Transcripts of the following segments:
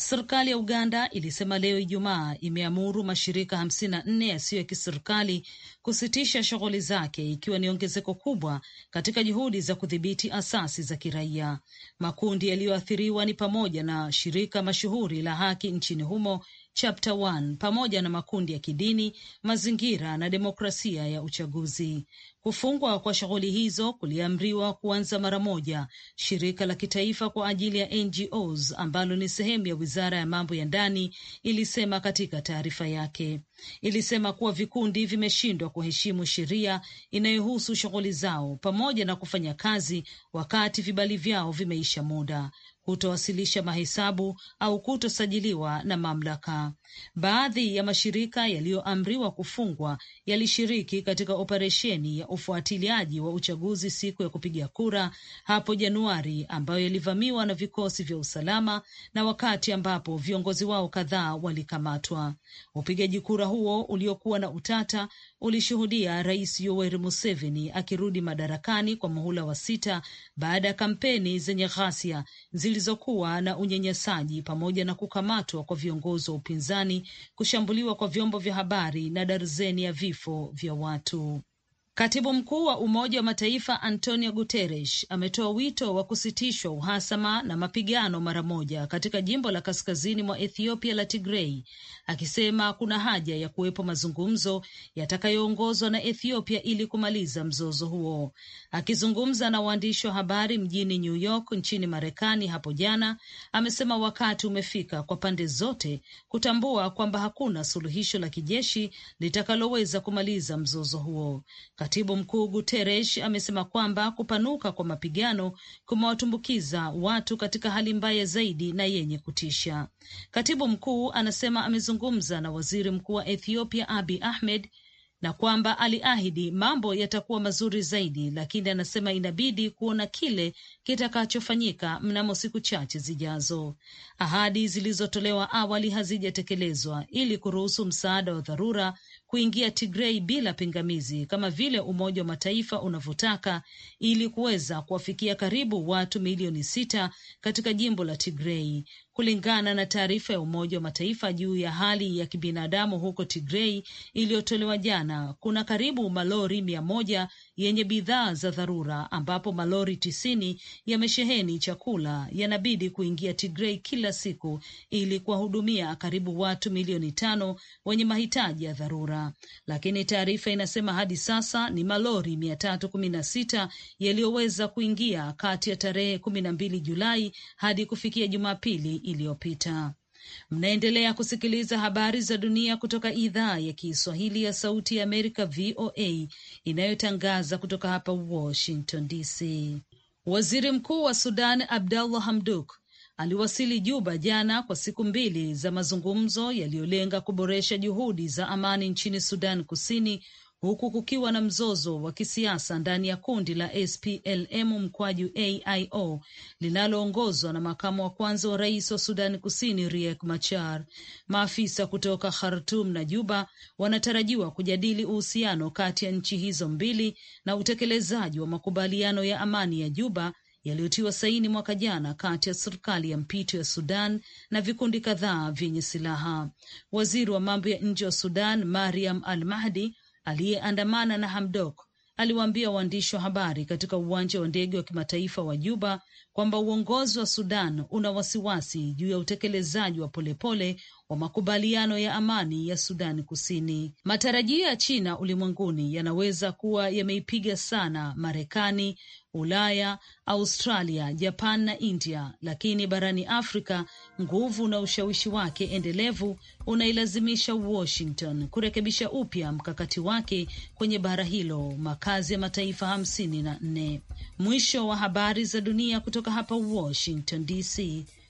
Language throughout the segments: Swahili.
Serikali ya Uganda ilisema leo Ijumaa imeamuru mashirika hamsini na nne yasiyo ya kiserikali kusitisha shughuli zake ikiwa ni ongezeko kubwa katika juhudi za kudhibiti asasi za kiraia. Makundi yaliyoathiriwa ni pamoja na shirika mashuhuri la haki nchini humo Chapter 1 pamoja na makundi ya kidini, mazingira na demokrasia ya uchaguzi. Kufungwa kwa shughuli hizo kuliamriwa kuanza mara moja. Shirika la kitaifa kwa ajili ya NGOs ambalo ni sehemu ya wizara ya mambo ya ndani ilisema katika taarifa yake, ilisema kuwa vikundi vimeshindwa kuheshimu sheria inayohusu shughuli zao pamoja na kufanya kazi wakati vibali vyao vimeisha muda kutowasilisha mahesabu au kutosajiliwa na mamlaka. Baadhi ya mashirika yaliyoamriwa kufungwa yalishiriki katika operesheni ya ufuatiliaji wa uchaguzi siku ya kupiga kura hapo Januari, ambayo yalivamiwa na vikosi vya usalama na wakati ambapo viongozi wao kadhaa walikamatwa. Upigaji kura huo uliokuwa na utata ulishuhudia Rais Yoweri Museveni akirudi madarakani kwa muhula wa sita baada ya kampeni zenye ghasia zilizokuwa na unyanyasaji pamoja na kukamatwa kwa viongozi wa upinzani Sudani kushambuliwa kwa vyombo vya habari na darzeni ya vifo vya watu. Katibu mkuu wa Umoja wa Mataifa Antonio Guterres ametoa wito wa kusitishwa uhasama na mapigano mara moja katika jimbo la kaskazini mwa Ethiopia la Tigrei, akisema kuna haja ya kuwepo mazungumzo yatakayoongozwa na Ethiopia ili kumaliza mzozo huo. Akizungumza na waandishi wa habari mjini New York nchini Marekani hapo jana, amesema wakati umefika kwa pande zote kutambua kwamba hakuna suluhisho la kijeshi litakaloweza kumaliza mzozo huo. Katibu Mkuu Guterres amesema kwamba kupanuka kwa mapigano kumewatumbukiza watu katika hali mbaya zaidi na yenye kutisha. Katibu Mkuu anasema amezungumza na Waziri Mkuu wa Ethiopia Abiy Ahmed na kwamba aliahidi mambo yatakuwa mazuri zaidi, lakini anasema inabidi kuona kile kitakachofanyika mnamo siku chache zijazo. Ahadi zilizotolewa awali hazijatekelezwa ili kuruhusu msaada wa dharura kuingia Tigrei bila pingamizi kama vile Umoja wa Mataifa unavyotaka ili kuweza kuwafikia karibu watu milioni sita katika jimbo la Tigrei, kulingana na taarifa ya Umoja wa Mataifa juu ya hali ya kibinadamu huko Tigrei iliyotolewa jana. Kuna karibu malori mia moja yenye bidhaa za dharura, ambapo malori tisini yamesheheni chakula yanabidi kuingia Tigrei kila siku ili kuwahudumia karibu watu milioni tano wenye mahitaji ya dharura biashara, lakini taarifa inasema hadi sasa ni malori mia tatu kumi na sita yaliyoweza kuingia kati ya tarehe kumi na mbili Julai hadi kufikia Jumapili iliyopita. Mnaendelea kusikiliza habari za dunia kutoka idhaa ya Kiswahili ya Sauti ya Amerika, VOA, inayotangaza kutoka hapa Washington DC. Waziri Mkuu wa Sudan Abdallah Hamduk aliwasili Juba jana kwa siku mbili za mazungumzo yaliyolenga kuboresha juhudi za amani nchini Sudan Kusini, huku kukiwa na mzozo wa kisiasa ndani ya kundi la SPLM mkwaju AIO linaloongozwa na makamu wa kwanza wa rais wa Sudani Kusini Riek Machar. Maafisa kutoka Khartum na Juba wanatarajiwa kujadili uhusiano kati ya nchi hizo mbili na utekelezaji wa makubaliano ya amani ya Juba yaliyotiwa saini mwaka jana kati ya serikali ya mpito ya Sudan na vikundi kadhaa vyenye silaha. Waziri wa mambo ya nje wa Sudan Mariam Al Mahdi aliyeandamana na Hamdok aliwaambia waandishi wa habari katika uwanja wa ndege wa kimataifa wa Juba kwamba uongozi wa Sudan una wasiwasi juu ya utekelezaji wa polepole wa makubaliano ya amani ya Sudani Kusini. Matarajio ya China ulimwenguni yanaweza kuwa yameipiga sana Marekani, Ulaya, Australia, Japan na India, lakini barani Afrika nguvu na ushawishi wake endelevu unailazimisha Washington kurekebisha upya mkakati wake kwenye bara hilo, makazi ya mataifa hamsini na nne. Mwisho wa habari za dunia kutoka hapa Washington DC.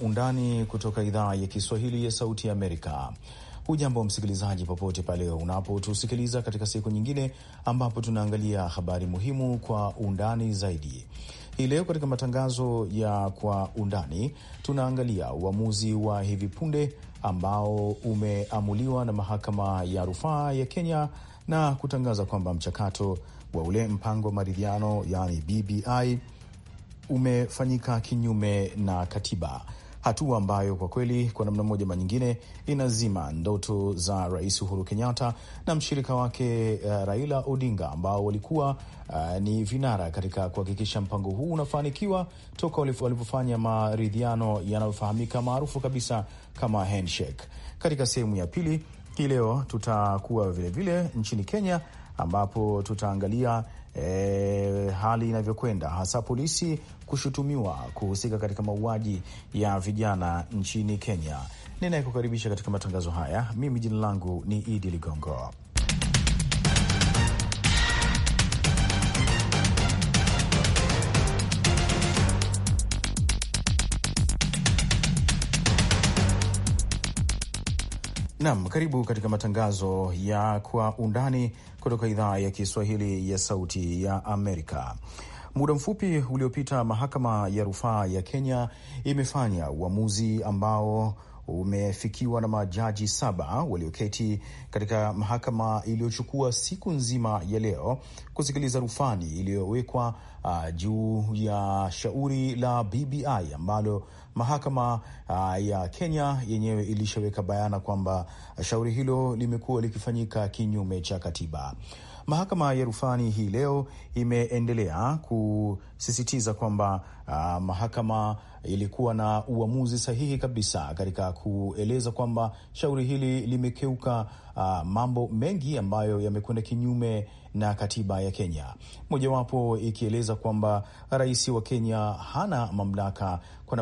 undani kutoka idhaa ya Kiswahili ya Sauti ya Amerika. Hujambo msikilizaji, popote pale unapotusikiliza katika siku nyingine ambapo tunaangalia habari muhimu kwa undani zaidi. Hii leo katika matangazo ya kwa undani tunaangalia uamuzi wa hivi punde ambao umeamuliwa na mahakama ya rufaa ya Kenya na kutangaza kwamba mchakato wa ule mpango wa maridhiano yaani BBI umefanyika kinyume na katiba hatua ambayo kwa kweli kwa namna moja manyingine nyingine inazima ndoto za Rais Uhuru Kenyatta na mshirika wake uh, Raila Odinga ambao walikuwa uh, ni vinara katika kuhakikisha mpango huu unafanikiwa toka walipofanya maridhiano yanayofahamika maarufu kabisa kama handshake. Katika sehemu ya pili hii leo tutakuwa vilevile nchini Kenya ambapo tutaangalia e, hali inavyokwenda, hasa polisi kushutumiwa kuhusika katika mauaji ya vijana nchini Kenya. Ninayekukaribisha katika matangazo haya, mimi jina langu ni Idi Ligongo. Nam, karibu katika matangazo ya kwa undani kutoka idhaa ya Kiswahili ya Sauti ya Amerika. Muda mfupi uliopita, mahakama ya rufaa ya Kenya imefanya uamuzi ambao umefikiwa na majaji saba walioketi katika mahakama iliyochukua siku nzima ya leo kusikiliza rufani iliyowekwa uh, juu ya shauri la BBI ambalo Mahakama uh, ya Kenya yenyewe ilishaweka bayana kwamba shauri hilo limekuwa likifanyika kinyume cha katiba. Mahakama ya rufani hii leo imeendelea kusisitiza kwamba uh, mahakama ilikuwa na uamuzi sahihi kabisa katika kueleza kwamba shauri hili limekeuka uh, mambo mengi ambayo yamekwenda kinyume na katiba ya Kenya, mojawapo ikieleza kwamba rais wa Kenya hana mamlaka kwa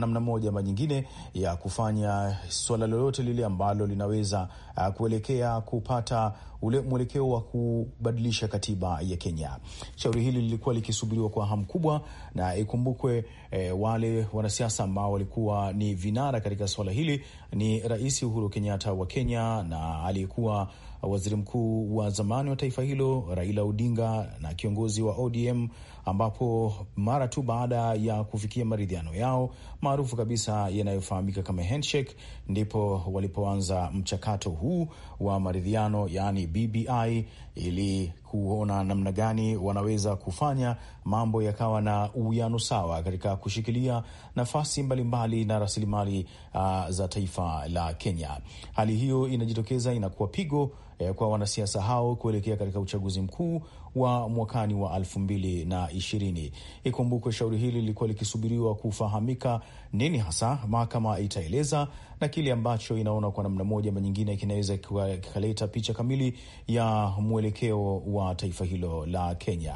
namna, moja ama nyingine ya kufanya suala lolote lile ambalo linaweza uh, kuelekea kupata ule mwelekeo wa kubadilisha katiba ya Kenya. Shauri hili lilikuwa likisubiriwa kwa hamu kubwa na ikum Ikumbukwe e, wale wanasiasa ambao walikuwa ni vinara katika suala hili ni Rais Uhuru Kenyatta wa Kenya na aliyekuwa waziri mkuu wa zamani wa taifa hilo Raila Odinga na kiongozi wa ODM ambapo mara tu baada ya kufikia maridhiano yao maarufu kabisa yanayofahamika kama handshake, ndipo walipoanza mchakato huu wa maridhiano, yaani BBI, ili kuona namna gani wanaweza kufanya mambo yakawa na uwiano sawa katika kushikilia nafasi mbalimbali na, na rasilimali uh, za taifa la Kenya. Hali hiyo inajitokeza inakuwa pigo Eh, kwa wanasiasa hao kuelekea katika uchaguzi mkuu wa mwakani wa elfu mbili na ishirini. Ikumbukwe shauri hili lilikuwa likisubiriwa kufahamika nini hasa mahakama itaeleza na kile ambacho inaona kwa namna moja ama nyingine kinaweza kikaleta picha kamili ya mwelekeo wa taifa hilo la Kenya.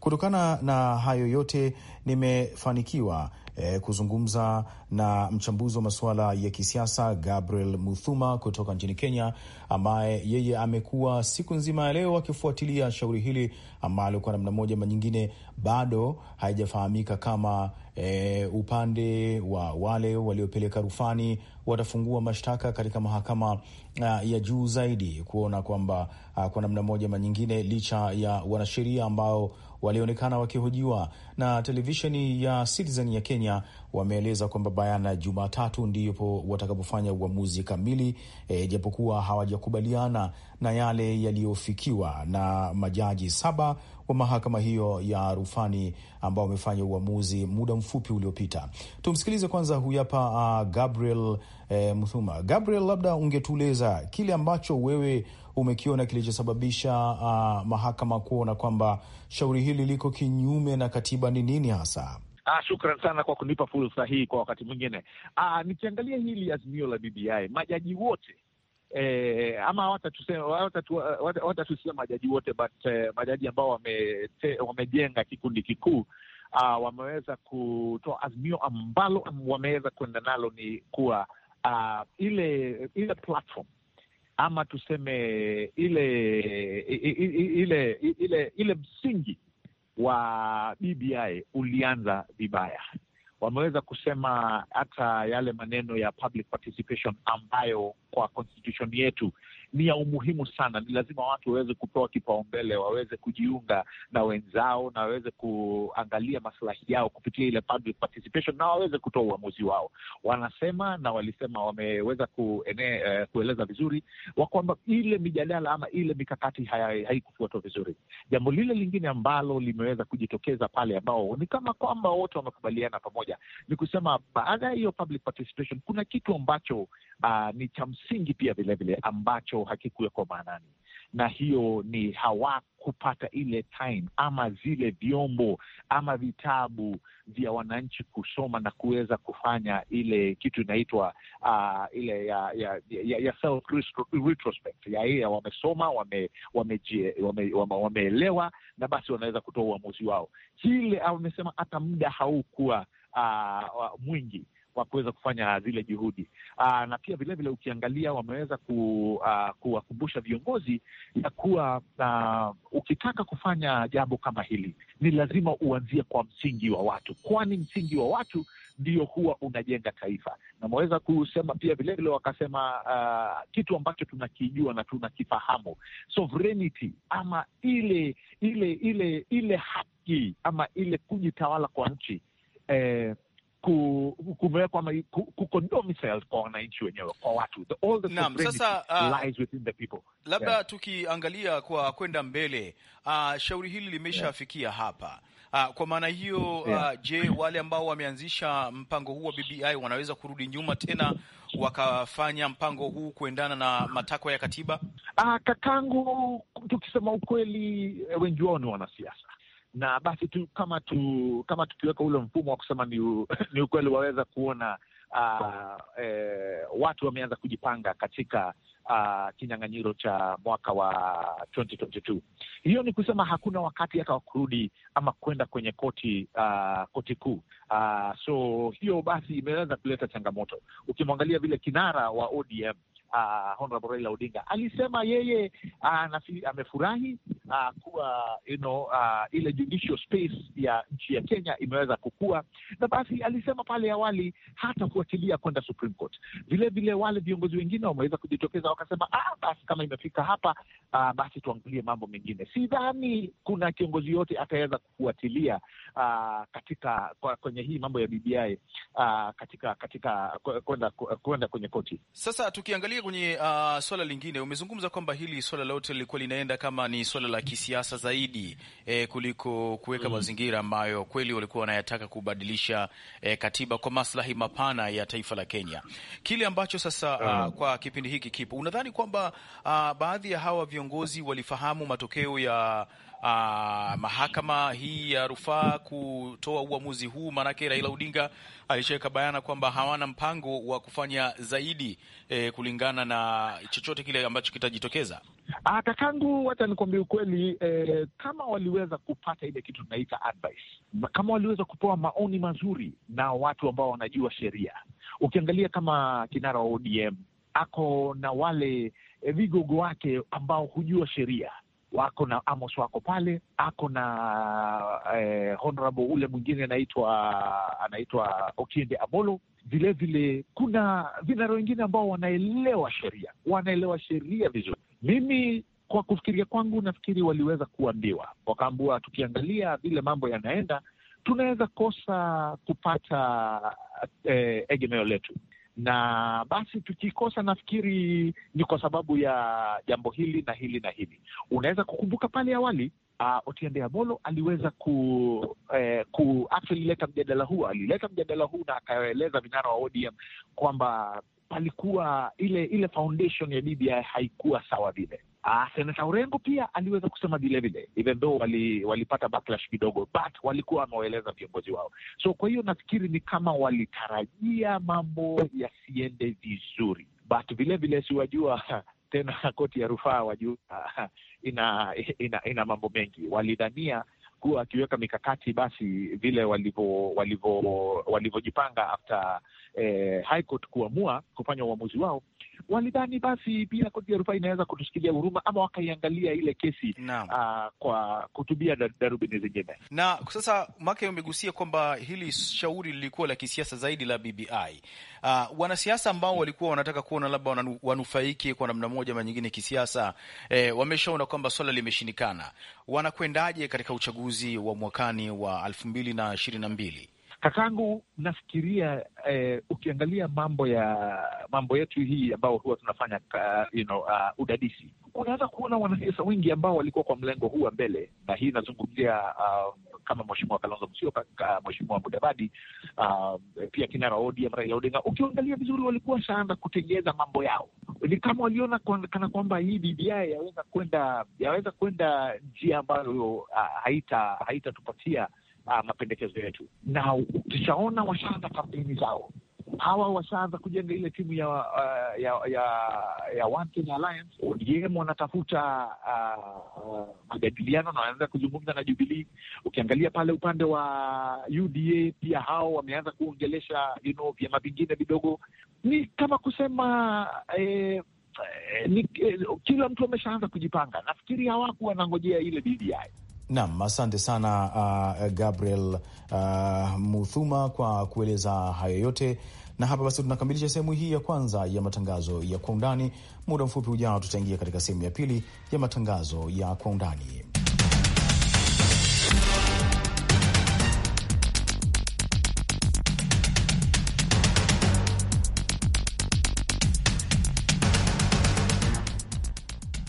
Kutokana na hayo yote, nimefanikiwa eh, kuzungumza na mchambuzi wa masuala ya kisiasa Gabriel Muthuma kutoka nchini Kenya, ambaye yeye amekuwa siku nzima ya leo akifuatilia shauri hili ambalo kwa namna moja ama nyingine bado haijafahamika kama E, upande wa wale waliopeleka rufani watafungua mashtaka katika mahakama a, eh, ya juu zaidi kuona kwamba eh, kwa namna moja ama nyingine licha ya wanasheria ambao walionekana wakihojiwa na televisheni ya Citizen ya Kenya wameeleza kwamba bayana Jumatatu ndipo watakapofanya uamuzi kamili, e, japokuwa hawajakubaliana na yale yaliyofikiwa na majaji saba wa mahakama hiyo ya rufani ambao wamefanya uamuzi muda mfupi uliopita. Tumsikilize kwanza huyu hapa uh, Gabriel eh, Mthuma. Gabriel, labda ungetueleza kile ambacho wewe umekiona kilichosababisha uh, mahakama kuona kwamba shauri hili liko kinyume na katiba, ni nini hasa? Ah, shukran sana kwa kunipa fursa hii kwa wakati mwingine. Ah, nikiangalia hili azimio la BBI majaji wote eh, ama hawatatusema majaji wote but eh, majaji ambao wame, wamejenga kikundi kikuu ah, wameweza kutoa azimio ambalo wameweza kwenda nalo ni kuwa ah, ile ile platform ama tuseme ile ile ile ile, ile msingi wa BBI ulianza vibaya. Wameweza kusema hata yale maneno ya public participation ambayo kwa constitution yetu ni ya umuhimu sana. Ni lazima watu waweze kupewa kipaumbele, waweze kujiunga na wenzao na waweze kuangalia maslahi yao kupitia ile public participation, na waweze kutoa uamuzi wao. Wanasema na walisema, wameweza kuene, uh, eh, kueleza vizuri wa kwamba ile mijadala ama ile mikakati haikufuatwa vizuri. Jambo lile lingine ambalo limeweza kujitokeza pale, ambao ni kama kwamba wote wamekubaliana pamoja, ni kusema baada ya hiyo public participation kuna kitu ambacho uh, ni cha msingi pia vilevile ambacho hakikuwekwa maanani, na hiyo ni hawakupata ile time ama zile vyombo ama vitabu vya wananchi kusoma na kuweza kufanya ile kitu inaitwa uh, ile ya ya, ya, ya self retrospect ya ya wamesoma wameelewa wame, wame, wame na basi wanaweza kutoa uamuzi wao. Kile amesema hata muda haukuwa uh, mwingi wa kuweza kufanya zile juhudi aa, ah, na pia vilevile ukiangalia wameweza ku, ah, kuwakumbusha viongozi ya kuwa uh, ukitaka kufanya jambo kama hili ni lazima uanzie kwa msingi wa watu, kwani msingi wa watu ndio huwa unajenga taifa. na ameweza kusema pia vilevile wakasema uh, kitu ambacho tunakijua na tunakifahamu sovereignty, ama ile ile ile ile haki ama ile kujitawala kwa nchi eh, kumewekwa kwa wananchi wenyewe kwa watu. Naam, sasa uh, labda yeah, tukiangalia kwa kwenda mbele uh, shauri hili limeshafikia yeah, hapa uh, kwa maana hiyo yeah. Uh, je, wale ambao wameanzisha mpango huu wa BBI wanaweza kurudi nyuma tena wakafanya mpango huu kuendana na matakwa ya katiba? Uh, kakangu, tukisema ukweli, wengi wao ni wanasiasa na basi tu kama tu kama tukiweka ule mfumo wa kusema ni, ni ukweli waweza kuona uh, eh, watu wameanza kujipanga katika uh, kinyang'anyiro cha mwaka wa 2022. Hiyo ni kusema hakuna wakati hata wa kurudi ama kwenda kwenye koti uh, koti kuu uh, so hiyo basi imeweza kuleta changamoto ukimwangalia vile kinara wa ODM uh, Honorable Raila Odinga alisema yeye uh, amefurahi uh, kuwa you know, uh, ile judicial space ya nchi ya Kenya imeweza kukua, na basi alisema pale awali hata kuachilia kwenda Supreme Court. Vile vile wale viongozi wengine wameweza kujitokeza wakasema, ah, basi kama imefika hapa uh, basi tuangalie mambo mengine. Sidhani kuna kiongozi yote ataweza kufuatilia uh, katika kwa, kwenye hii mambo ya BBI uh, katika katika kwenda kwenda kwenye koti. Sasa tukiangalia kwenye uh, swala lingine, umezungumza kwamba hili swala lote lilikuwa linaenda kama ni swala la kisiasa zaidi eh, kuliko kuweka mm. mazingira ambayo kweli walikuwa wanayataka kubadilisha eh, katiba kwa maslahi mapana ya taifa la Kenya. Kile ambacho sasa uh, mm. kwa kipindi hiki kipo, unadhani kwamba uh, baadhi ya hawa viongozi walifahamu matokeo ya uh, mahakama hii ya rufaa kutoa uamuzi huu? Maanake Raila Odinga alishaweka bayana kwamba hawana mpango wa kufanya zaidi eh, kulingana na chochote kile ambacho kitajitokeza. Ah, kakangu, wacha nikuambia ukweli eh, kama waliweza kupata ile kitu tunaita advice, kama waliweza kupewa maoni mazuri na watu ambao wanajua sheria, ukiangalia kama kinara wa ODM ako na wale eh, vigogo wake ambao hujua sheria wako na Amos wako pale, ako na eh, honorable ule mwingine anaitwa anaitwa Okiende Amolo. Vilevile kuna vinara wengine ambao wanaelewa sheria, wanaelewa sheria vizuri. Mimi kwa kufikiria kwangu, nafikiri waliweza kuambiwa, wakaambua tukiangalia vile mambo yanaenda tunaweza kosa kupata eh, egemeo letu na basi tukikosa, nafikiri ni kwa sababu ya jambo hili na hili na hili. Unaweza kukumbuka pale awali uh, Otiende Amolo aliweza ku, eh, ku actually mjadala huu, alileta mjadala huu na akaeleza vinara wa ODM kwamba palikuwa ile ile foundation ya BBI haikuwa sawa vile Uh, Senata urengo pia aliweza kusema vilevile, even though wali, walipata backlash kidogo, but walikuwa wamewaeleza viongozi wao. So kwa hiyo nafikiri ni kama walitarajia mambo yasiende vizuri, but vilevile siwajua tena koti ya rufaa wajua ina, ina, ina mambo mengi. Walidhania kuwa akiweka mikakati basi vile walivyojipanga after eh, High Court kuamua kufanya uamuzi wao walidhani basi pia koti ya rufaa inaweza kutushikilia huruma ama wakaiangalia ile kesi uh, kwa kutubia darubini zingine. Na sasa make umegusia kwamba hili shauri lilikuwa la kisiasa zaidi la BBI. Uh, ah, wanasiasa ambao walikuwa wanataka kuona labda wanufaike kwa namna moja ama nyingine kisiasa, eh, wameshaona kwamba swala limeshindikana. Wanakwendaje katika uchaguzi wa mwakani wa elfu mbili na ishirini na mbili? Kakangu, nafikiria eh, ukiangalia mambo ya mambo yetu hii ambao huwa tunafanya uh, you know, uh, udadisi, unaweza kuona wanasiasa wengi ambao walikuwa kwa mlengo huu wa mbele, na hii inazungumzia uh, kama Mheshimiwa Kalonzo Musyoka, Mheshimiwa Mudavadi, uh, pia kinara ODM Raila Odinga, ukiangalia vizuri walikuwa shaanza kutengeza mambo yao. Ni kama waliona kana kwamba hii BBI yaweza kwenda yaweza kwenda njia ambayo uh, haita haitatupatia uh, mapendekezo yetu, na tushaona washaanza kampeni zao hawa washaanza kujenga ile timu ya uh, ya ya, ya One Kenya Alliance. ODM wanatafuta uh, uh, majadiliano na wanaanza kuzungumza na Jubilee. Ukiangalia pale upande wa UDA pia hao wameanza kuongelesha you know, vyama vingine vidogo. Ni kama kusema eh, eh, ni, eh, kila mtu ameshaanza kujipanga. Nafikiri hawakuwa wanangojea ile BBI. Nam, asante sana uh, Gabriel uh, Muthuma kwa kueleza hayo yote, na hapa basi tunakamilisha sehemu hii ya kwanza ya matangazo ya kwa undani. Muda mfupi ujao, tutaingia katika sehemu ya pili ya matangazo ya kwa undani.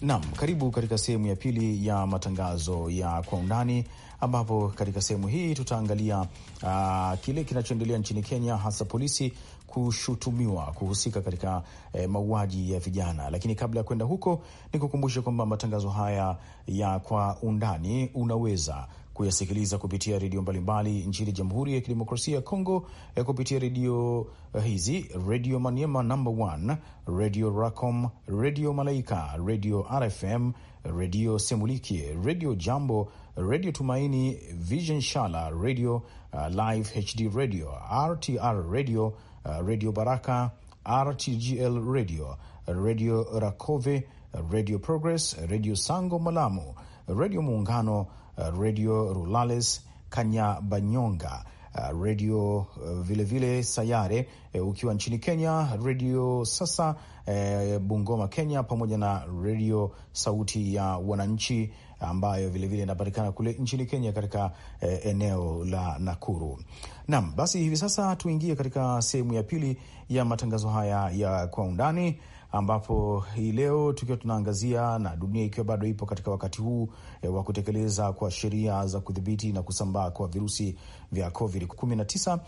Naam, karibu katika sehemu ya pili ya matangazo ya kwa undani ambapo katika sehemu hii tutaangalia uh, kile kinachoendelea nchini Kenya, hasa polisi kushutumiwa kuhusika katika eh, mauaji ya vijana. Lakini kabla ya kwenda huko, ni kukumbusha kwamba matangazo haya ya kwa undani unaweza kuyasikiliza kupitia redio mbalimbali nchini Jamhuri ya Kidemokrasia ya Kongo ya eh, kupitia redio eh, hizi: Redio Maniema namba 1, Redio Racom, Redio Malaika, Redio RFM, Redio Semuliki, Redio Jambo, Redio Tumaini, Vision Shala, Redio uh, Live HD, Radio RTR, Radio uh, Redio Baraka, RTGL Radio, Radio Rakove, Radio Progress, Radio Sango Malamu, Redio Muungano Uh, redio rulales Kanyabanyonga, uh, redio uh, vilevile Sayare ukiwa nchini Kenya, redio Sasa Bungoma, Kenya, pamoja na redio Sauti ya Wananchi ambayo vilevile inapatikana kule nchini Kenya katika eh, eneo la Nakuru. Naam, basi hivi sasa tuingie katika sehemu ya pili ya matangazo haya ya kwa undani ambapo hii leo tukiwa tunaangazia na dunia ikiwa bado ipo katika wakati huu e, wa kutekeleza kwa sheria za kudhibiti na kusambaa kwa virusi vya COVID-19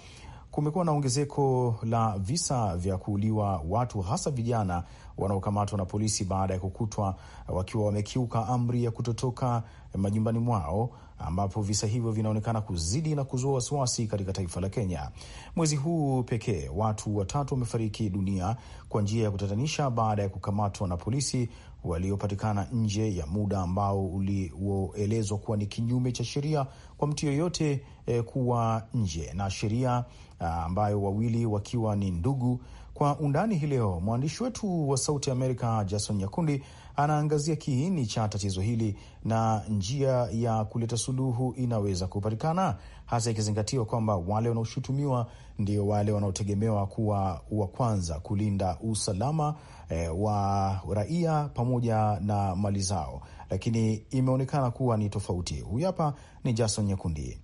kumekuwa na ongezeko la visa vya kuuliwa watu hasa vijana wanaokamatwa na polisi baada ya kukutwa wakiwa wamekiuka amri ya kutotoka majumbani mwao, ambapo visa hivyo vinaonekana kuzidi na kuzua wasiwasi katika taifa la Kenya. Mwezi huu pekee watu watatu wamefariki dunia kwa njia ya kutatanisha baada ya kukamatwa na polisi waliopatikana nje ya muda ambao ulioelezwa kuwa ni kinyume cha sheria kwa mtu yoyote e, kuwa nje na sheria ah, ambayo wawili wakiwa ni ndugu. Kwa undani hii leo mwandishi wetu wa Sauti Amerika Jason Nyakundi anaangazia kiini cha tatizo hili na njia ya kuleta suluhu inaweza kupatikana, hasa ikizingatiwa kwamba wale wanaoshutumiwa ndio wale wanaotegemewa kuwa wa kwanza kulinda usalama e, wa raia pamoja na mali zao, lakini imeonekana kuwa ni tofauti. Huyu hapa ni Jason Nyekundi.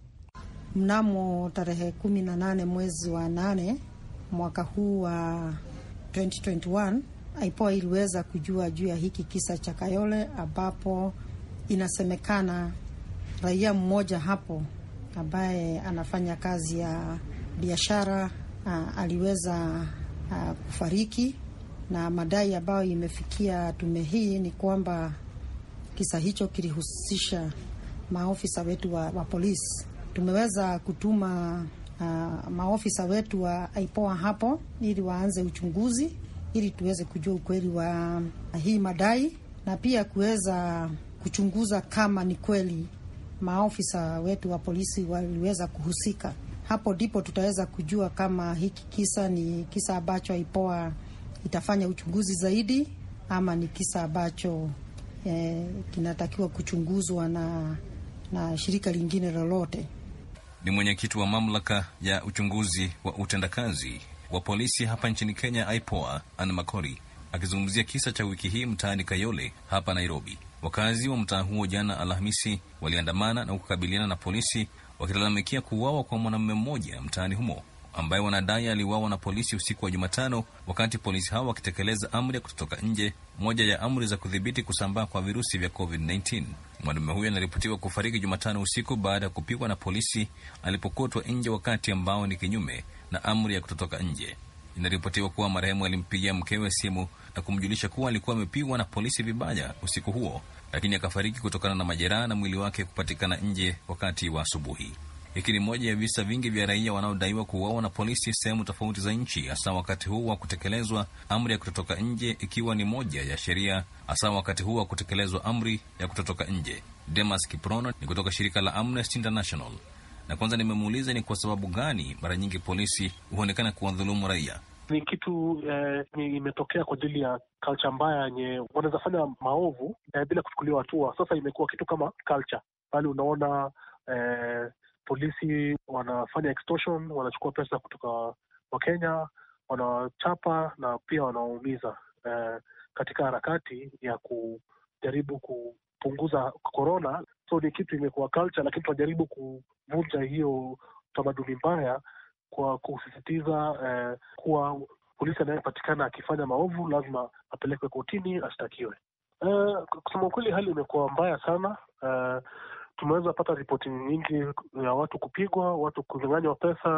Mnamo tarehe kumi na nane mwezi wa nane mwaka huu wa 2021 IPOA iliweza kujua juu ya hiki kisa cha Kayole, ambapo inasemekana raia mmoja hapo ambaye anafanya kazi ya biashara aliweza a, kufariki, na madai ambayo imefikia tume hii ni kwamba kisa hicho kilihusisha maofisa wetu wa, wa polisi. Tumeweza kutuma a, maofisa wetu wa IPOA hapo ili waanze uchunguzi ili tuweze kujua ukweli wa hii madai na pia kuweza kuchunguza kama ni kweli maofisa wetu wa polisi waliweza kuhusika. Hapo ndipo tutaweza kujua kama hiki kisa ni kisa ambacho IPOA itafanya uchunguzi zaidi ama ni kisa ambacho eh, kinatakiwa kuchunguzwa na, na shirika lingine lolote. Ni mwenyekiti wa mamlaka ya uchunguzi wa utendakazi wa polisi hapa nchini Kenya, IPOA, Anne Makori akizungumzia kisa cha wiki hii mtaani Kayole hapa Nairobi. Wakazi wa mtaa huo jana Alhamisi waliandamana na kukabiliana na polisi wakilalamikia kuuawa kwa mwanamume mmoja mtaani humo ambaye wanadai aliuawa na polisi usiku wa Jumatano wakati polisi hao wakitekeleza amri ya kutotoka nje, moja ya amri za kudhibiti kusambaa kwa virusi vya COVID-19. Mwanaume huyo anaripotiwa kufariki Jumatano usiku baada ya kupigwa na polisi alipokotwa nje, wakati ambao ni kinyume na amri ya kutotoka nje. Inaripotiwa kuwa marehemu alimpigia mkewe simu na kumjulisha kuwa alikuwa amepigwa na polisi vibaya usiku huo, lakini akafariki kutokana na majeraha na mwili wake kupatikana nje wakati wa asubuhi hiki ni moja ya visa vingi vya raia wanaodaiwa kuuawa na polisi sehemu tofauti za nchi, hasa wakati huu wa kutekelezwa amri ya kutotoka nje, ikiwa ni moja ya sheria, hasa wakati huu wa kutekelezwa amri ya kutotoka nje. Demas Kiprono ni kutoka shirika la Amnesty International, na kwanza nimemuuliza ni kwa sababu gani mara nyingi polisi huonekana kuwadhulumu raia. Ni kitu eh, imetokea kwa ajili ya culture mbaya yenye wanaweza fanya maovu eh, bila kuchukuliwa hatua. Sasa imekuwa kitu kama culture, bali unaona eh, polisi wanafanya extortion, wanachukua pesa kutoka Wakenya, wanachapa na pia wanaumiza eh, katika harakati ya kujaribu kupunguza korona. So ni kitu imekuwa culture, lakini tunajaribu kuvunja hiyo tamaduni mbaya kwa kusisitiza eh, kuwa polisi anayepatikana akifanya maovu lazima apelekwe kotini ashtakiwe. Eh, kusema ukweli, hali imekuwa mbaya sana eh, tumeweza pata ripoti nyingi ya watu kupigwa, watu kunyang'anywa pesa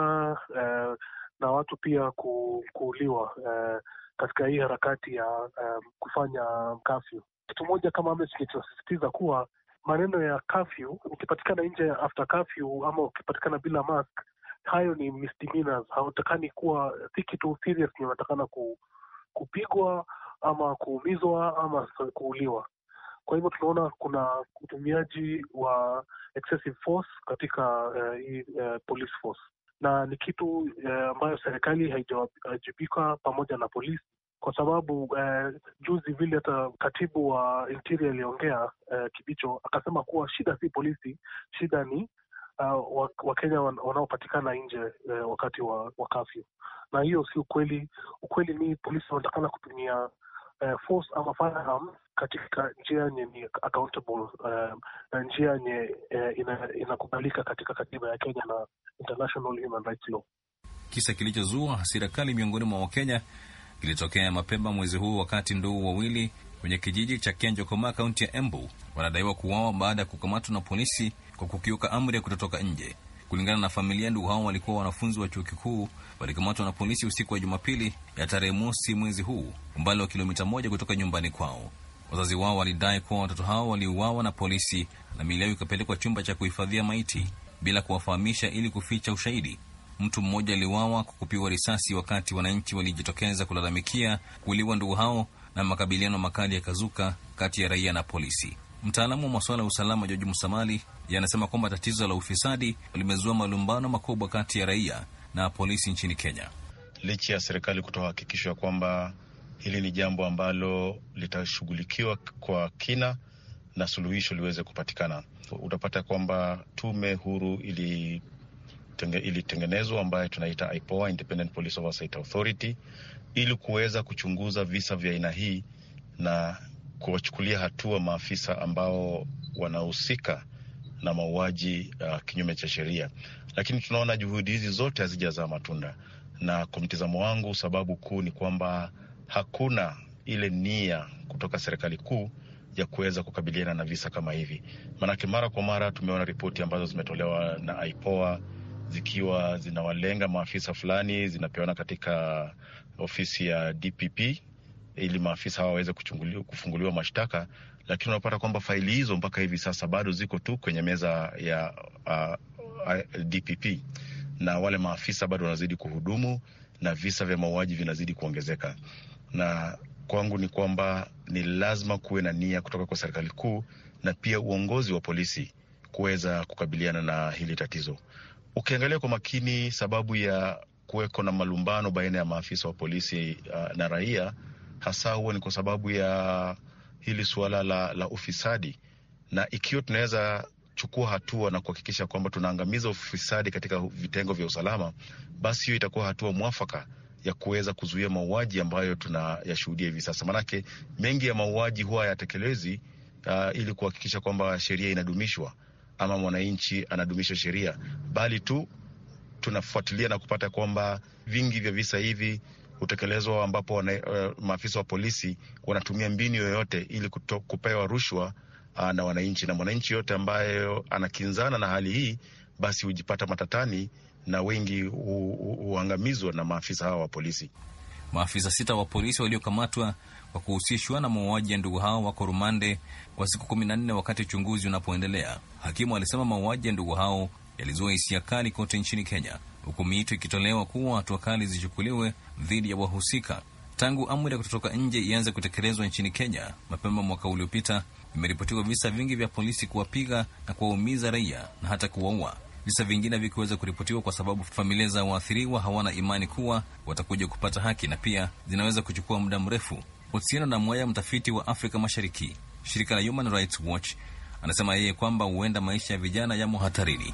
eh, na watu pia ku, kuuliwa eh, katika hii harakati ya eh, kufanya kafyu. Kitu moja kama Amnesty kinachosisitiza kuwa maneno ya kafyu, ukipatikana nje ya after kafyu ama ukipatikana bila mask, hayo ni misdemeanors, hautakani kuwa si kitu serious, ni unatakana ku, kupigwa ama kuumizwa ama kuuliwa. Kwa hivyo tunaona kuna utumiaji wa excessive force katika uh, hii uh, police force, na ni kitu uh, ambayo serikali haijawajibika pamoja na polisi kwa sababu uh, juzi vile hata katibu wa interior aliongea uh, Kibicho akasema kuwa shida si polisi, shida ni uh, Wakenya wa wanaopatikana nje uh, wakati wa, wa kafyu, na hiyo si ukweli. Ukweli ni polisi wanatakana kutumia uh, force ama firearms katika njia yenye accountable uh, na njia yenye uh, inakubalika ina katika katiba ya Kenya na international human rights law. Kisa kilichozua hasira kali miongoni mwa Wakenya kilitokea mapema mwezi huu wakati ndugu wawili kwenye kijiji cha Koma, kaunti ya Embu, wanadaiwa kuuawa baada ya kukamatwa na polisi kwa kukiuka amri ya kutotoka nje. Kulingana na familia, ndugu hao walikuwa wanafunzi wa chuo kikuu, walikamatwa na polisi usiku wa Jumapili ya tarehe mosi mwezi huu, umbali wa kilomita moja kutoka nyumbani kwao. Wazazi wao walidai kuwa watoto hao waliuawa na polisi na miili yao ikapelekwa chumba cha kuhifadhia maiti bila kuwafahamisha, ili kuficha ushahidi. Mtu mmoja aliuawa kwa kupigwa risasi wakati wananchi walijitokeza kulalamikia kuuliwa ndugu hao, na makabiliano makali yakazuka kati ya raia na polisi. Mtaalamu wa masuala ya usalama George Musamali anasema kwamba tatizo la ufisadi limezua malumbano makubwa kati ya raia na polisi nchini Kenya, licha ya serikali kutoa hakikisho kwamba hili ni jambo ambalo litashughulikiwa kwa kina na suluhisho liweze kupatikana. Utapata kwamba tume huru ili ilitengenezwa ambayo tunaita IPOA, Independent Police Oversight Authority, ili kuweza kuchunguza visa vya aina hii na kuwachukulia hatua maafisa ambao wanahusika na mauaji uh, kinyume cha sheria, lakini tunaona juhudi hizi zote hazijazaa matunda, na kwa mtizamo wangu, sababu kuu ni kwamba hakuna ile nia kutoka serikali kuu ya kuweza kukabiliana na visa kama hivi. Maanake mara kwa mara tumeona ripoti ambazo zimetolewa na ipoa zikiwa zinawalenga maafisa fulani, zinapeana katika ofisi ya DPP ili maafisa hawa waweze kufunguliwa mashtaka, lakini unapata kwamba faili hizo mpaka hivi sasa bado ziko tu kwenye meza ya uh, uh DPP na wale maafisa bado wanazidi kuhudumu na visa vya mauaji vinazidi kuongezeka. Na kwangu ni kwamba ni lazima kuwe na nia kutoka kwa serikali kuu na pia uongozi wa polisi kuweza kukabiliana na hili tatizo. Ukiangalia kwa makini, sababu ya kuweko na malumbano baina ya maafisa wa polisi uh, na raia hasa huwa ni kwa sababu ya hili suala la, la ufisadi, na ikiwa tunaweza chukua hatua na kuhakikisha kwamba tunaangamiza ufisadi katika vitengo vya usalama, basi hiyo itakuwa hatua mwafaka ya kuweza kuzuia mauaji ambayo tunayashuhudia hivi sasa, manake mengi ya mauaji huwa yatekelezi uh, ili kuhakikisha kwamba sheria inadumishwa ama mwananchi anadumisha sheria, bali tu tunafuatilia na kupata kwamba vingi vya visa hivi hutekelezwa ambapo wana, uh, maafisa wa polisi wanatumia mbinu yoyote ili kuto, kupewa rushwa uh, na wananchi, na mwananchi yote ambayo anakinzana na hali hii basi hujipata matatani na wengi huangamizwa na maafisa hawa wa polisi. Maafisa sita wa polisi waliokamatwa kwa kuhusishwa na mauaji ya ndugu hao wako rumande kwa siku kumi na nne wakati uchunguzi unapoendelea. Hakimu alisema mauaji ya ndugu hao yalizua hisia kali kote nchini Kenya, huku miito ikitolewa kuwa hatua kali zichukuliwe dhidi ya wahusika. Tangu amri ya kutotoka nje ianze kutekelezwa nchini Kenya mapema mwaka uliopita, vimeripotiwa visa vingi vya polisi kuwapiga na kuwaumiza raia na hata kuwaua, visa vingine vikiweza kuripotiwa kwa sababu familia za waathiriwa hawana imani kuwa watakuja kupata haki na pia zinaweza kuchukua muda mrefu. Otieno na Mwaya, mtafiti wa Afrika Mashariki, shirika la Human Rights Watch, anasema yeye kwamba huenda maisha ya vijana yamo hatarini.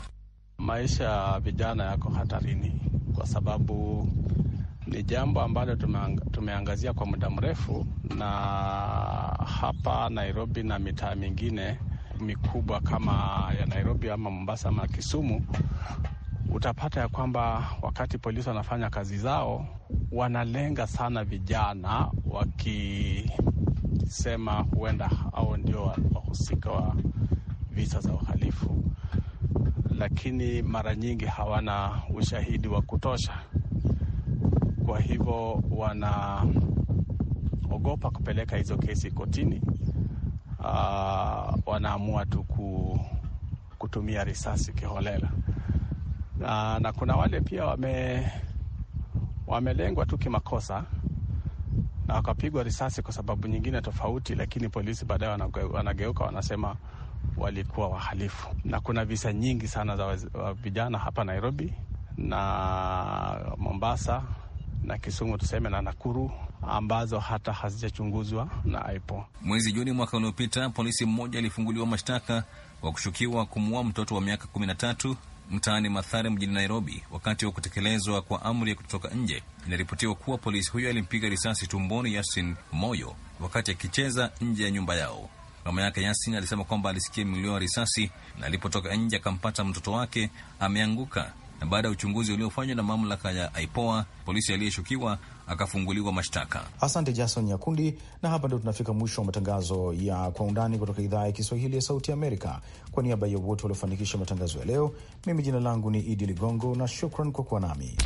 Maisha ya vijana yako hatarini, kwa sababu ni jambo ambalo tumeangazia kwa muda mrefu, na hapa Nairobi na mitaa mingine mikubwa kama ya Nairobi ama Mombasa ama Kisumu, utapata ya kwamba wakati polisi wanafanya kazi zao, wanalenga sana vijana, wakisema huenda hao ndio wahusika wa visa za uhalifu lakini mara nyingi hawana ushahidi wa kutosha, kwa hivyo wanaogopa kupeleka hizo kesi kotini. Uh, wanaamua tu kutumia risasi kiholela na, na kuna wale pia wame wamelengwa tu kimakosa na wakapigwa risasi kwa sababu nyingine tofauti, lakini polisi baadaye wanageuka wanasema walikuwa wahalifu, na kuna visa nyingi sana za vijana hapa Nairobi na Mombasa na Kisumu tuseme na Nakuru ambazo hata hazijachunguzwa na IPOA. Mwezi Juni mwaka uliopita, polisi mmoja alifunguliwa mashtaka kwa kushukiwa kumuua mtoto wa miaka kumi na tatu mtaani Mathare mjini Nairobi wakati wa kutekelezwa kwa amri ya kutotoka nje. Inaripotiwa kuwa polisi huyo alimpiga risasi tumboni Yasin Moyo wakati akicheza nje ya nyumba yao. Mama yake Yasin alisema kwamba alisikia milio ya risasi na alipotoka nje akampata mtoto wake ameanguka, na baada ya uchunguzi uliofanywa na mamlaka ya ipoa polisi aliyeshukiwa akafunguliwa mashtaka. Asante Jason Nyakundi, na hapa ndio tunafika mwisho wa matangazo ya Kwa Undani kutoka idhaa ya Kiswahili ya Sauti Amerika. Kwa niaba ya wote waliofanikisha matangazo ya leo, mimi jina langu ni Idi Ligongo na shukran kwa kuwa nami.